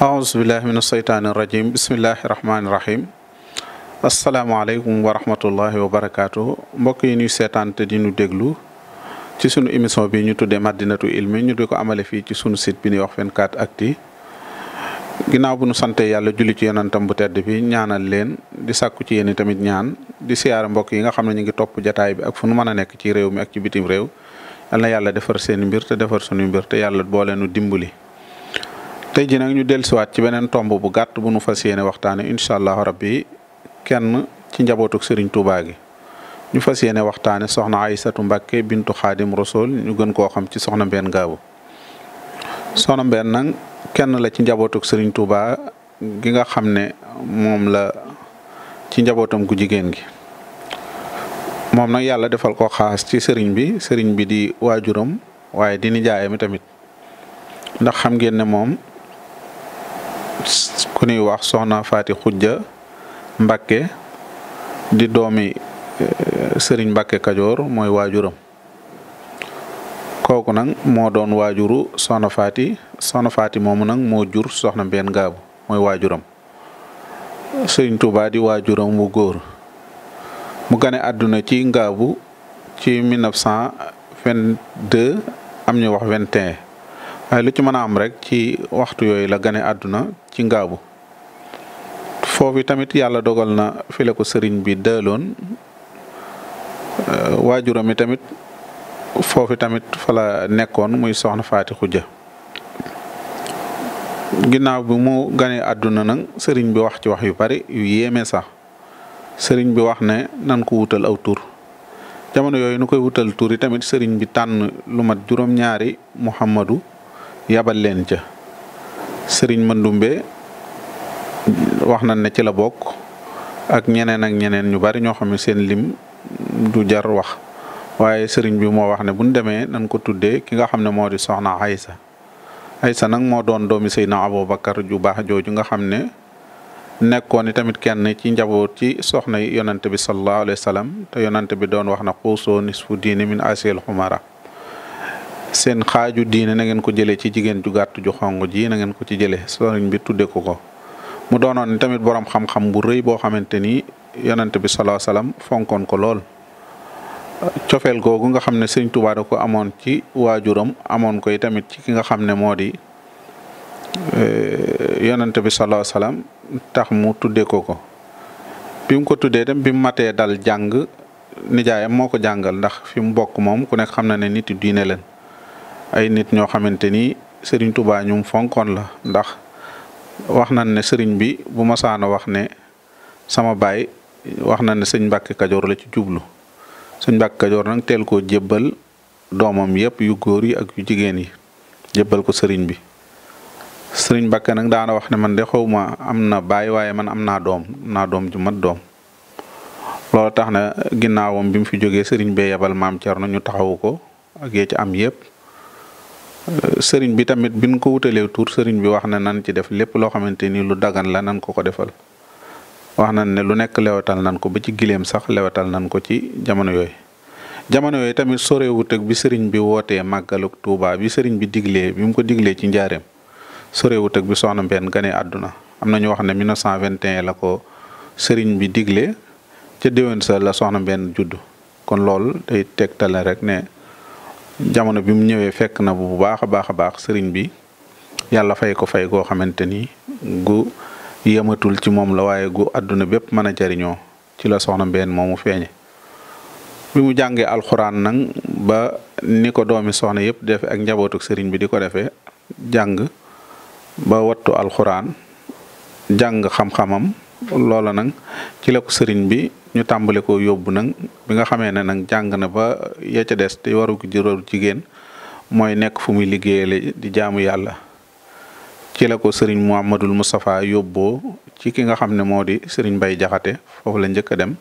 aousubillahi min asheytaani irajim bismillahi rahmaani rahim asalaamaaleykum wa rahmatullahi wa barakaatu mbokk yi ñuy seetaan te di ñu déglu ci sunu émission bi ñu tuddee madinatu ilmi ñu di ko amale fii ci sunu site bi ñuy wax 24actu ginnaaw bu nu sante yàlla julli ci yonentam bu tedd bi ñaanal leen di sàkku ci yéen tamit ñaan di siyaara mbokk yi nga xam ne ñu ngi topp jataay bi ak fu nu mën a nekk ci réew mi ak ci bitim réew yal yàlla defar seen mbir te defar suñu mbir te yàlla boole nu dimbali. tey ji nag ñu dellusiwaat ci beneen tomb bu gàtt bu nu fas yéene waxtaane incha allahu rabbi kenn ci njabootuk sëriñ Touba gi ñu fas yéene waxtaane soxna Aysatu Mbàkke bintu xaadim rasul ñu gën koo xam ci soxna Mbène Gabou soxna Mbène nag kenn la ci njabootuk sëriñ Touba gi nga xam ne moom la ci njabootam gu jigéen gi moom nag yàlla defal ko xaas ci sëriñ bi sëriñ bi di waajuram waaye di nijaayam tamit ndax xam ngeen ne moom ku ñuy wax soxna Faati Xujja mbakke di doomi eh, sëriñ mbakke Kajoor mooy waajuram kooku nag moo doon waajuru soxna Faati soxna Faati moomu nag moo jur soxna Mbeen Gaabu mooy waajuram sëriñ Tuubaa di waajuram wu góor mu gane àdduna ci ngaabu ci 1922 am ñu wax 21 waaye lu ci mën a am rek ci waxtu yooyu la gane àdduna ci ngaabu foofu tamit yàlla dogal na fi ko sëriñ bi dëloon euh, waajuram tamit foofu tamit fa nekkoon muy soxna Faati Xuja ginnaaw bi mu gane àdduna nag sëriñ bi wax ci wax yu bari yu yéeme sax sëriñ bi wax ne nan ko wutal aw tur jamono yooyu nu koy wutal tur yi tamit sëriñ bi tànn lu mat juróom-ñaari muhammadu yabal leen ca sëriñ ma Mandumbe wax nañ ne ci la bokk ak ñeneen ak ñeneen ñu bari ñoo xam ne seen lim du jar wax waaye sëriñ bi moo wax ne bu ñu demee nañ ko tuddee ki nga xam ne moo di soxna Aysa Aysa nag moo doon doomi Seydina Abubakar ju baax jooju nga xam ne nekkoon i tamit kenn ci njaboot ci soxna yi yonante bi sallallahu alayhi wa sallam te yonante bi doon wax na xuusoo nisfu diine min asil xumara seen xaaju diine na ngeen ko jëlee ci jigéen ju gàtt ju xong ji na ko ci jëlee sëriñ bi tuddee ko ko mu doonoon tamit boroom xam-xam bu rëy boo xamante ni yonante bi sallallahu alayhi wa fonkoon ko lool cofel googu nga xam ne sëñ Tuubaa ko amoon ci waajuram amoon koy tamit ci ki nga xam ne moo di eh, yonante bi sallallahu alayhi tax mu tuddee ko ko bi ko tuddee dem bi mu matee dal jàng nijaayam moo ko jàngal ndax fi mu bokk moom ku nekk xam na ne nit yi diine leen ay nit ñoo xamante ni Serigne Touba ñum fonkoon la ndax wax na ne sëriñ bi bu ma wax ne sama baay wax na ne sëñ Mbàkke Kajoor la ci jublu sëñ Mbàkke Kajoor nag teel koo jébbal doomam yëpp yu góor yi ak yu jigéen yi jëbal ko Serigne bi. sëriñ Mbàkke nag daana wax ne man de xaw ma am na baay waaye man am naa doom am naa doom ju mat doom loolu tax na ginnaawam bi mu fi jógee sëriñ bee yebal maam Cerno ñu taxawu ko ak ci am yépp sëriñ bi tamit biñ ko wutalee tur sëriñ bi wax na nan ci def lépp loo xamante ni lu dagan la nan ko ko defal wax nañ ne lu nekk lewetal nan ko ba ci gileem sax lewetal nan ko ci jamono yooyu jamono yooy tamit sorewut ak bi sëriñ bi wootee màggaluk Tuubaa bi sëriñ bi diglee bi mu ko diglee ci njaareem sorewut ak bi soxna Mbène gane àdduna am na ñu wax ne 1921 la ko sëriñ bi digle ca déwén sa la soxna Mbène judd kon loolu day tegtale rek ne jamono bi ñëwee fekk na bu baax a baax a baax sëriñ bi yàlla fay ko fay goo xamante ni gu yematul ci moom la waaye gu àdduna bépp mën a jariñoo ci la soxna Mbène moomu feeñe bi mu jàngee alxuraan nag ba ni ko doomi soxna yëpp defe ak njabootuk sëriñ bi di ko defee jàng ba wattu alxuraan jàng xam-xamam loola nag ci lak sëriñ bi ñu tàmbale ko yóbbu nag bi nga xamee ne nag jàng na ba ya des te waru juróom jigéen mooy nekk fu muy liggéeyale di jaamu yàlla ci lako ko sëriñ Muhammadul Moustapha yóbboo ci ki nga xam ne moo di sëriñ Mbay Jaxate foofu la njëkk a dem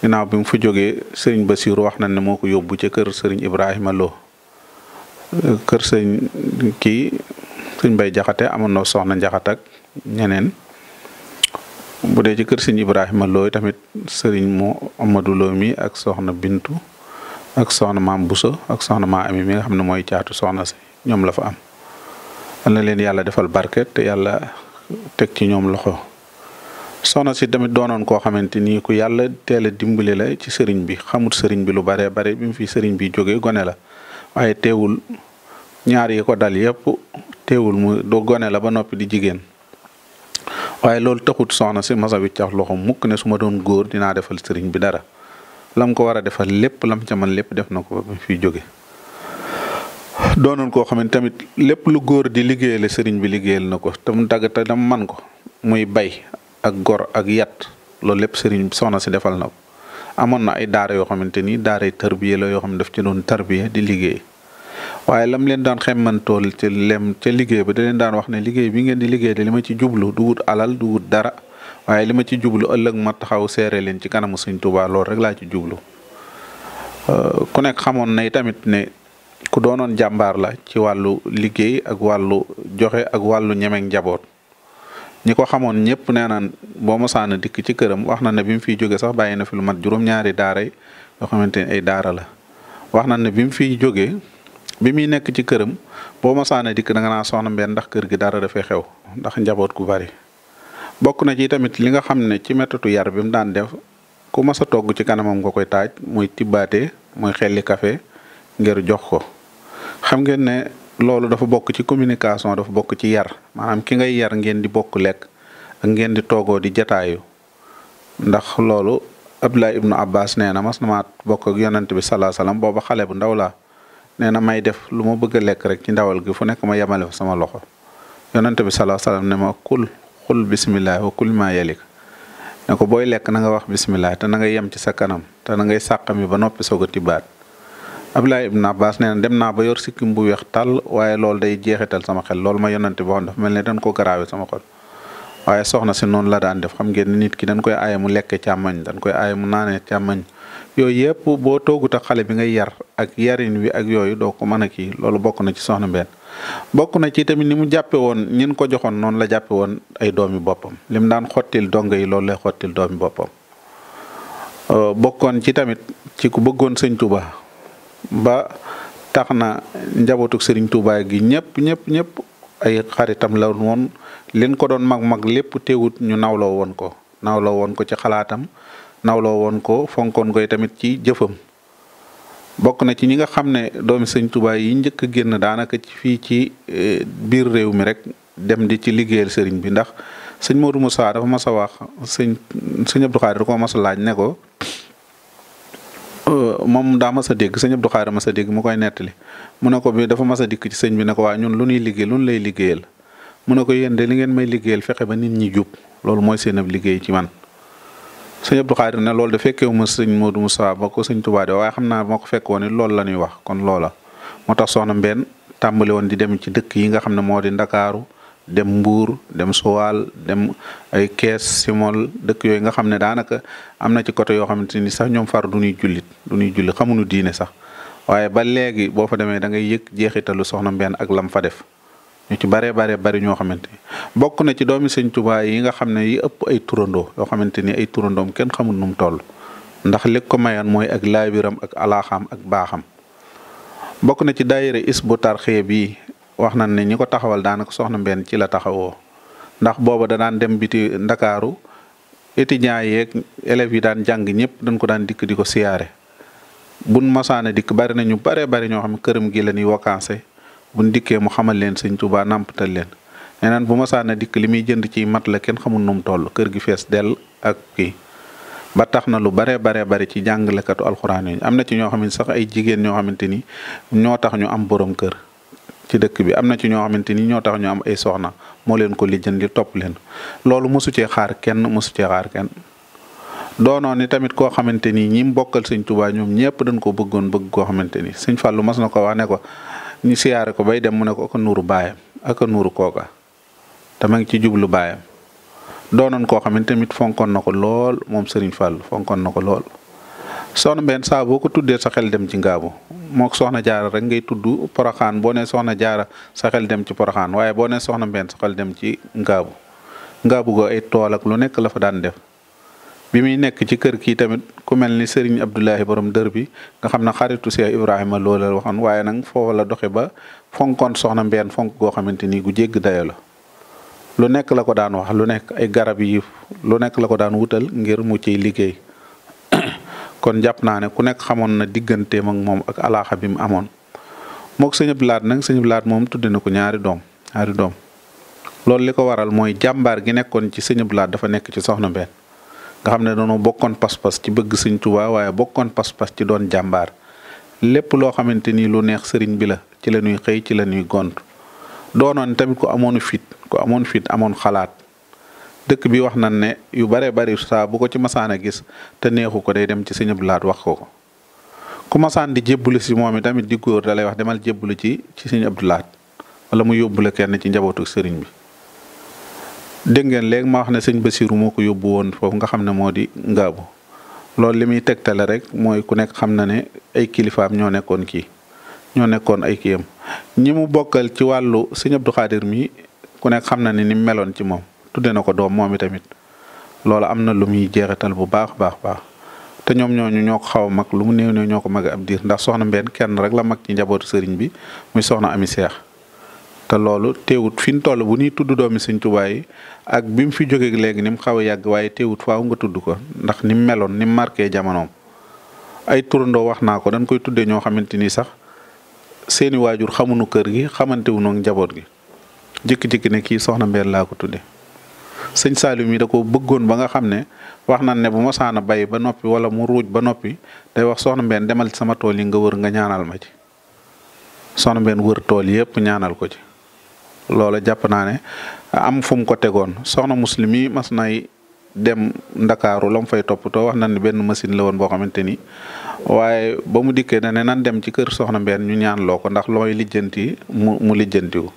ginnaaw bi mu jógee sëriñ Basiiru wax nañ ne moo ko yóbbu ca kër sëriñ Ibrahima Lo kër sëriñ kii sëñ Mbay Jaxate amoon na soxna Njaxate ak ñeneen bu dee ci kër sëñ Ibrahima Looy tamit sëriñ moo Amadou Loo mi ak soxna Bintu ak soxna maam Buso ak soxna maam Ami mi nga xam ne mooy caatu soxna si ñoom la fa am. na leen yàlla defal barket te yàlla teg ci ñoom loxo soxna si tamit doonoon koo xamante ni ku yàlla teel a dimbali la ci sëriñ bi xamut sëriñ bi lu bare bare bi mu fi sëriñ bi joge gone la waaye teewul ñaar yi dal yépp teewul mu do gone la ba noppi di jigéen waaye loolu taxut soxna si masa wi cax loxo mukk ne su ma doon góor dinaa defal sëriñ bi dara lam ko war a defal lépp lam ca man lépp def na ko ba fi jóge doonoon koo xam ne tamit lépp lu góor di liggéeyale sëriñ bi liggéeyal na ko te mu dagg te man ko muy bay ak gor ak yat loolu lépp sëriñ bi soxna si defal na ko amoon na ay daara yoo xamante ni daara tarbiya la yoo xam ne daf ci doon tarbiya di liggéey waaye lam leen daan xemmantool ci lem ca liggéey ba da leen daan wax ne liggéey bi ngeen di liggéey de li ci jublu du alal du dara waaye li ma ci jublu ëllëg mat taxaw seere leen ci kanamu Sëñ Tuubaa loolu rek laa ci jublu euh, ku nekk xamoon na tamit ne ku doonoon jàmbaar la ci wàllu liggéey ak wàllu joxe ak wàllu ñemeeg njaboot ñi ko xamoon ñëpp nee naan boo mosaana dikk ci këram wax na ne bi mu fiy jóge sax bàyyi na fi lu mat juróom-ñaari daara yoo xamante ni ay daara la wax na ne bi mu bi muy nekk ci këram boo masaane dikk da nga soxna mbenn ndax kër gi dara dafay xew ndax njaboot ku bari bokk na ci tamit li nga xam ne ci métatu yar bi mu daan def ku mas a togg ci kanamam nga koy taaj muy tibbaate mooy xelli kafe ngir jox ko xam ngeen ne loolu dafa bokk ci communication dafa bokk ci yar maanaam ki ngay yar ngeen di bokk lekk ak ngeen di toogoo di jataayu ndax loolu Abdullah ibnu Abbas nee na mas na maa bokk ak yonent bi salaa salaam booba xale bu ndaw laa nee na may def lu ma bëgg lekk rek ci ndawal gi fu nekk ma yemale fa sama loxo yonante bi salaa salaam ne ma kul xul bisimilah wa kul maa yalik ne ko booy lekk na nga wax bisimilah te na nga yem ci sa kanam te na ngay sàqami ba noppi soog a tibbaat Abdoulaye Ibn na nee na dem naa ba yor sikkim bu weex tàll waaye loolu day jeexital sama xel loolu ma yonante bi waxoon dafa mel ne dañ ko garaawe sama xol waaye soxna si noon la daan def xam ngeen nit ki dañ koy aaye mu lekk càmmañ dañ koy aaye mu naanee yooyu yëpp boo toogut ak xale bi ngay yar ak yarin wi ak yooyu doo ko mën a kii loolu bokk na ci soxna Mbène bokk na ci tamit ni mu jàppe woon ñin ko joxoon noonu la jàppe woon ay doomi boppam lim daan xottil dongo yi loolu lay xottil doomi boppam euh, bokkoon ci tamit ci ku bëggoon sëñ Touba ba tax na njabootuk sëriñ Touba gi ñëpp ñëpp ñëpp ay xaritam la woon leen ko doon mag mag lépp teewut ñu nawloo woon ko nawloo woon ko ci xalaatam nawloo woon ko fonkoon koy tamit ci jëfam bokk na ci ñi nga xam ne doomi sëñ Tuubaa yi njëkk a génn daanaka ci fii ci eh, biir réew mi rek dem di ci liggéeyal sëriñ bi ndax sëñ Modou Moussa dafa mas a wax sëñ sëñ Abdou Khadir da ko mas a laaj ne ko euh, moom daa mas a dégg sëñ Abdou Khadir mas a dégg mu koy nettali mun ne ko bi dafa mas a dikk ci sëñ bi ne ko waa ñun lu ñuy liggéey lu ñu lay liggéeyal mu ne ko yéen de li ngeen may liggéeyal fexe ba nit ñi jub loolu mooy seen liggéey ci man sëñ Abdou Khadir na loolu de fekkee wu sëñ Modou Moussa ba ko sëñ Touba waaye xam na moo ko fekk woon it la ñuy wax kon loola moo tax soxna Mbène tàmbali woon di dem ci dëkk yi nga xam ne moo di Ndakaaru dem Mbuur dem Sowal dem ay Kees Simol dëkk yooyu nga xam ne daanaka am na ci côté yoo xamante ni sax ñoom far du ñuy jullit du ñuy julli xamuñu diine sax waaye ba léegi boo fa demee da ngay jeexitalu soxna Mbène ak lam fa def. ñu ci baree baree bari ñoo xamante ni bokk na ci doomi sëñ Tuubaa yi nga xam ne yi ëpp ay turandoo yoo xamante ni ay turandoom kenn xamul nu mu toll ndax li ko mayoon mooy ak laabiram ak alaaxam ak baaxam bokk na ci daayira Hizbut Tarqiyyah bi wax na ne ñi ko taxawal daanaka soxna mbenn ci la taxawoo ndax booba da daan dem biti ndakaaru étudiants yeeg élèves yi daan jàng ñëpp dañ ko daan dikk di ko siyaare buñ masaana dikk bari na ñu baree bari ñoo xam ne këram gi la ñuy wakaase buñ dikkee mu xamal leen sëñ Touba nàmpatal leen nee bu ma saana dikk li muy jënd ci mat la kenn xamul nu mu kër gi fees dell ak kii ba tax na lu bare bare bari ci jàngalekatu alxuraan yi am na ci ñoo xam sax ay jigéen ñoo xamante ni ñoo tax ñu am borom kër ci dëkk bi am na ci ñoo xamante ni ñoo tax ñu am ay soxna moo leen ko li lijjanti topp leen loolu mësu cee xaar kenn mësu cee xaar kenn. doonoon ni tamit koo xamante ni ñi mu bokkal sëñ Tuubaa ñoom ñëpp dañ ko bëggoon bëgg koo xamante ni sëñ Fàllu mas na ko wax ne ko ñu siyaare ko bay dem mu ne ko aka nuuru baayam ak aka nuuru kooka te ma ngi ci jublu baayam doonoon koo xam ne tamit fonkoon na ko lool moom Serigne Fall fonkoon na ko lool. soxna mbenn saa boo ko tuddee sa xel dem ci ngaabu mook soxna jaara rek ngay tudd poroxaan boo ne soxna jaara sa dem ci poroxaan waaye boo ne soxna mbenn sa dem ci ngaabu ngaabu go ay toolak lu nekk la fa daan def. bi muy nekk ci kër kii tamit ku mel ni Serigne Abdoulahi borom dër bi nga xam na xaritu Cheikh Ibrahima loola la waxoon waaye nag foofa la doxe ba fonkoon soxna Mbène fonk goo xamante ni gu jégg dayo la lu nekk la ko daan wax lu nekk ay garab yi lu nekk la ko daan wutal ngir mu ciy liggéey kon jàpp naa ne ku nekk xamoon na diggante ak moom ak alaaxa bi mu amoon mook sëñ Abdou Lahat nag sëñ Abdou moom tudde na ko ñaari doom ñaari doom li ko waral mooy jàmbaar gi nekkoon ci sëñ Abdou dafa nekk ci soxna nga xam ne dañoo bokkoon pas-pas ci bëgg sëñ Tuubaa waaye bokkoon pas-pas ci doon jàmbaar lépp loo xamante ni lu neex sëriñ bi la ci la ñuy xëy ci la ñuy gont doonoon tamit ku amoon fit ku amoon fit amoon xalaat dëkk bi wax nañ ne yu bare bari saa bu ko ci masaan a gis te neexu ko day dem ci sëñ Abdu Lahat wax ko ko ku masaan di jébbalu si moom i tamit di góor dalay wax demal jébbalu ci ci sëñ Abdu Lahat wala mu yóbbule kenn ci njabootu sëriñ bi dégg ngeen léegi ma wax na sëñ Basiiru moo ko yóbbu woon foofu nga xam ne moo di ngaabu loolu li muy tegtale rek mooy ku nekk xam na ne ay kilifaam ñoo nekkoon kii ñoo nekkoon ay kiyam ñi mu bokkal ci wàllu sëñ Abdou Khadir mi ku nekk xam na ne ni meloon ci moom tuddee na ko doom moom i tamit loolu am na lu muy jeexital bu baax baax baax te ñoom ñooñu ñoo ko xaw a mag lu mu néew ñoo ko mag ab diir ndax soxna Mbène kenn rek la mag ci njabootu sëriñ bi muy soxna Ami Seex te loolu teewut fi ñu toll bu ñuy tudd doomi sëñ Tuubaa ak bi mu fi jógee léegi ni mu xaw a yàgg waaye teewut faaw nga tudd ko ndax ni mu meloon ni mu marqué jamonoom ay turandoo wax naa ko dañ koy tuddee ñoo xamante ni sax seeni waajur xamuñu kër gi xamante wu noonu njaboot gi jékki-jékki ne kii soxna Mbène laa ko tuddee. sëñ Saliou mi da ko bëggoon ba nga xam ne wax na ne bu ma saana bay ba noppi wala mu ruuj ba noppi day wax soxna Mbène demal ci sama tool yi nga wër nga ñaanal ma ci soxna Mbène wër tool yëpp ñaanal ko ci. loola jàpp naa ne am fu mu ko tegoon soxna muslim yi mas nay dem ndakaaru la mu fay toppatoo wax na ni benn machine la woon boo xamante ni waaye ba mu dikkee ne ne nan dem ci kër soxna mbenn ñu ñaan loo ko ndax looy lijjanti mu mu lijjantiwu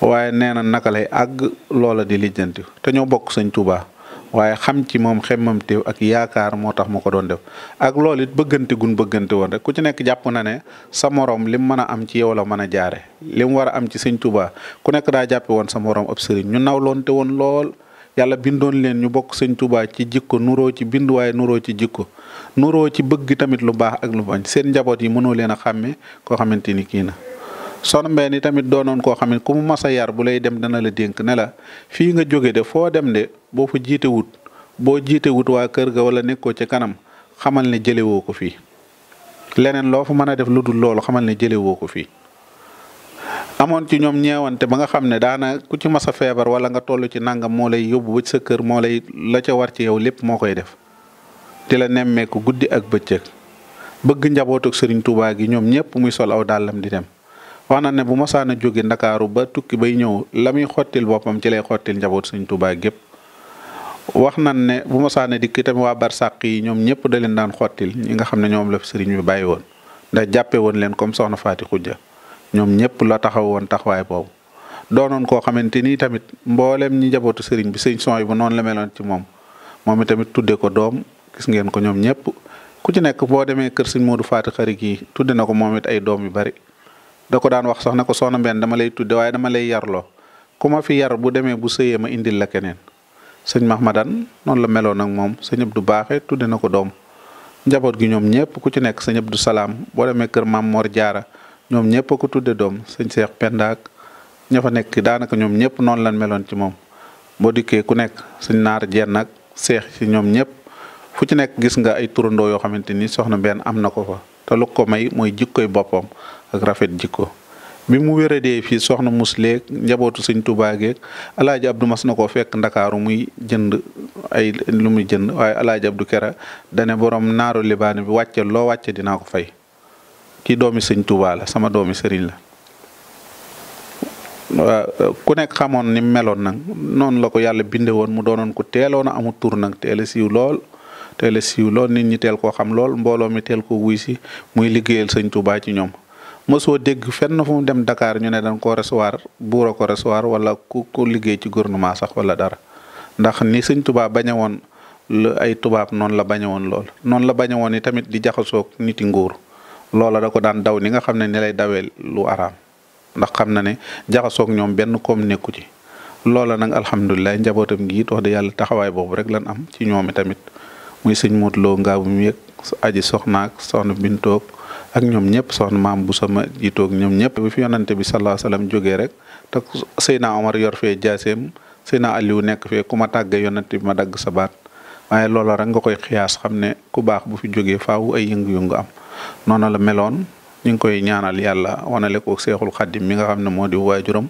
waaye nee na naka lay àgg loola di lijjantiwu te ñoo bokk sañ Tuubaa waaye xam ci moom xemmam teew ak yaakaar moo tax mu ko doon def ak loolu it bëggante gun bëggante woon rek ku ci nekk jàpp na ne sa morom lim mën a am ci yow la mën a jaare lim war a am ci sëñ tubaa ku nekk daa jàppe woon sa morom ab sëriñ ñu nawloonte woon lool yàlla bindoon leen ñu bokk sëñ tubaa ci jikko nuroo ci bind waaye nuroo ci jikko nuroo ci bëgg tamit lu baax ak lu bañ seen njaboot yi mënoo leen a xàmme koo xamante ni kii na soxna mbee yi tamit doonoon koo xam ne ku mu mas yar bu lay dem dana la dénk ne la fii nga jóge de foo dem de boo fa jiite wut boo jiite wut waa kër ga wala nekkoo ca kanam xamal ne jëlewoo ko fii leneen loo fa mën a def lu dul loolu xamal ne jëlewoo ko fii. amoon ci ñoom ñeewante ba nga xam ne daana ku ci mas a feebar wala nga toll ci nangam moo lay yóbbu ba sa kër moo lay la ca war ci yow lépp moo koy def di la nemmeeku guddi ak bëccëg bëgg njabootuk Serigne Touba gi ñoom ñëpp muy sol aw dàllam di dem. wax na ne bu masaana jóge ndakaaru ba tukki bay ñëw la muy xottil boppam ci lay xottil njaboot sëñ Tuubaa gépp wax nan ne bu masaana dikk itam waa bar barsàq yi ñoom ñëpp da leen daan xottil ñi nga xam ne ñoom la fi sëriñ bàyyi woon ndax jàppe woon leen comme soxna Faati Xujja ñoom ñëpp la taxaw woon taxawaay boobu doonoon koo xamante ni tamit mboolem ñi njabootu sëriñ bi sëñ son yi bu noonu la meloon ci moom moom tamit tudde ko doom gis ngeen ko ñoom ñëpp ku ci nekk boo demee kër sëñ Modou faat Xari yi tudde na ko moom it ay doom yu bari da ko daan wax sax na ko soxna mbenn dama lay tudde waaye dama lay yarloo ku ma fi yar bu demee bu sëyee ma indil la keneen sëñ daan noonu la meloon ak moom sëñ du Baaxe tudde na ko doom njaboot gi ñoom ñëpp ku ci nekk sëñ Abdou Salaam boo demee kër Maam Mor Jaara ñoom ñëpp ko tudde doom sëñ Seex Penda ña fa nekk daanaka ñoom ñëpp noonu lan meloon ci moom boo dikkee ku nekk sëñ Naar Jeen ak seex ci ñoom ñëpp fu ci nekk gis nga ay turandoo yoo xamante ni soxna benn am na ko fa te lu ko may mooy jikkoy boppam ak rafet jikko bi mu wéradee fii soxna musleeg njabootu sëñ Tuubaa geeg alaaji Abdu mas na koo fekk ndakaaru muy jënd ay lu muy jënd waaye alaaji Abdu Kera dane borom naaru libaane bi wàcce loo wàcce dinaa ko fay kii doomi sëñ Tuubaa sama doomi sëriñ la waaw ku nekk xamoon ni meloon nag noonu la ko yàlla binde woon mu doonoon ko teeloona a amul tur nag teel siiw lool teel a siiw lool nit ñi teel koo xam lool mbooloo mi teel ko wuy si muy liggéeyal sëñ Tuubaa ci ñoom mosoo dégg fenn fu mu dem Dakar ñu ne dañ koo recevoir buura ko recevoir wala ku ku liggéey ci gouvernement sax wala dara ndax ni sëñ tubaab bañe woon ay tubaab noonu la bañe woon lool noonu la bañe woon i tamit di jaxasoog niti nguur loola da ko daan daw ni nga xam ne ni lay lu araam ndax xam na ne jaxasook ñoom benn kom nekku ci loola nag alhamdulilah njabootam gi it wax dëgg yàlla taxawaay boobu rek lan am ci ñoom i tamit muy sëñ Modou Lo Ngaabu mi yëg aji soxnaak soxna Bintoog ak ñoom ñëpp son maam bu sama jitoog ñoom ñëpp bi fi yonante bi sallallahu alayhi wasallam jógee rek te Seydina Omar yor fee jaaseem Seydina Aliou nekk fee ku ma tàggee yonante bi ma dagg sa baat waaye loola rek nga koy xiyaas xam ne ku baax bu fi jógee faaw ay yëngu-yëngu am noonu la meloon ñu ngi koy ñaanal yàlla wanale ko seexul xaddim mi nga xam ne moo di waajuram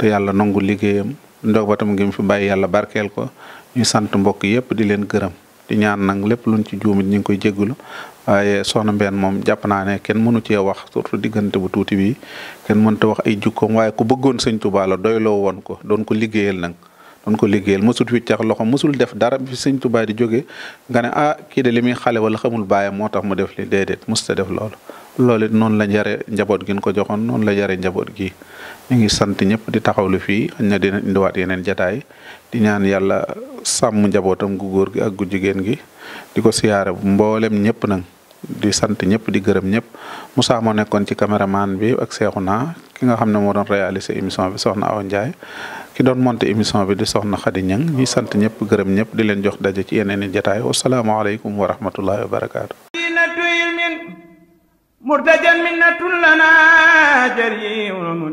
te yàlla nangu liggéeyam ndox ba tam ngi mu fi bàyyi yàlla barkeel ko ñu sant mbokk yépp di leen gërëm di ñaan nag lépp luñ ci juumit ñu ngi koy jégalu waaye soxna Mbène moom jàpp naa ne kenn mënu cee wax surtout diggante bu tuuti bi kenn mënta wax ay jukkoom waaye ku bëggoon sëñ Tuubaa la doyloo woon ko doon ko liggéeyal nag doon ko liggéeyal mësut wiccax loxo mësul def dara bi sëñ Tuubaa di jóge nga ne ah kii de li muy xale wala xamul baayam moo tax mu def li déedéet mësta def loolu loolu it noonu la yare njaboot gi ko joxoon noonu la yare njaboot gi ñu ngi sant ñëpp di taxawlu fii xañ na dina indiwaat yeneen jataay di ñaan yàlla sàmm njabootam gu góor gi ak gu jigéen gi di ko siyaare mboolem ñëpp nag di sant ñëpp di gërëm ñëpp Moussa moo nekkoon ci maan bi ak Seexuna ki nga xam ne moo doon réaliser émission bi soxna Awa Ndiaye ki doon monter émission bi di soxna Khady Niang ñuy sant ñëpp gërëm ñëpp di leen jox daje ci yeneen i jotaay wasalaamaaleykum wa rahmatullahi wa barakaatu. مرتجا منة لنا جريء